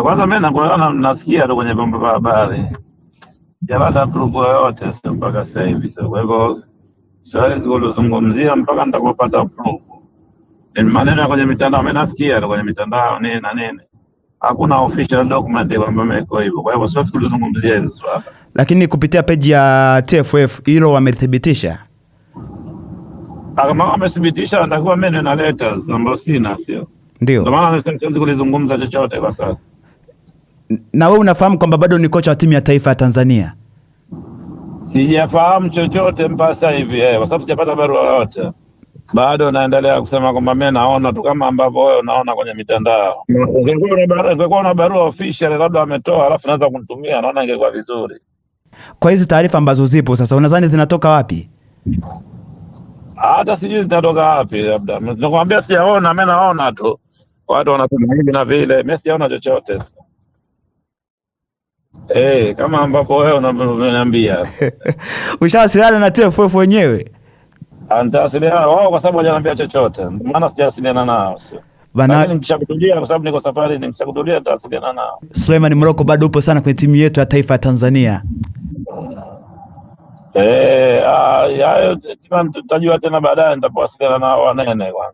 Kwanza mimi nakuelewa, nasikia tu kwenye vyombo vya habari, sijapata proof yoyote si mpaka sasa hivi. So kwa hivyo siwezi kulizungumzia mpaka nitakapopata proof. Ni maneno ya kwenye mitandao, mimi nasikia tu kwenye mitandao nini na nini, hakuna official document kwamba mimi iko hivyo. Kwa hivyo siwezi kulizungumzia hilo swala, lakini kupitia peji ya TFF hilo wamethibitisha. Kama wamethibitisha, natakiwa mimi na letters ambayo sina, sio ndio? Ndio maana siwezi kulizungumza chochote kwa sasa na wewe unafahamu kwamba bado ni kocha wa timu ya taifa ya Tanzania? Sijafahamu chochote mpaka sasa hivi eh, kwa sababu sijapata barua yoyote bado naendelea kusema kwamba mimi naona tu kama ambavyo wewe unaona kwenye mitandao. Ungekuwa na barua official labda ametoa, alafu naweza kunitumia, naona ingekuwa vizuri. Kwa hizi taarifa ambazo zipo sasa, unadhani zinatoka wapi? Hata sijui zinatoka wapi, labda nakwambia, sijaona. Mimi naona tu watu wanasema hivi na vile, mimi sijaona chochote. Hey, eh, kama ambapo wewe unaniambia ushawasiliana na TFF wenyewe? Ah, nitawasiliana wao kwa sababu hajaniambia chochote, maana sijawasiliana nao Bana... nikishakutulia kwa sababu niko safari, nikishakutulia nitawasiliana nao. Suleiman Moroko bado upo sana kwenye timu yetu ya taifa ya Tanzania. Eh, ah, hayo tutajua tena baadaye, nitapowasiliana nao wanene kwanza.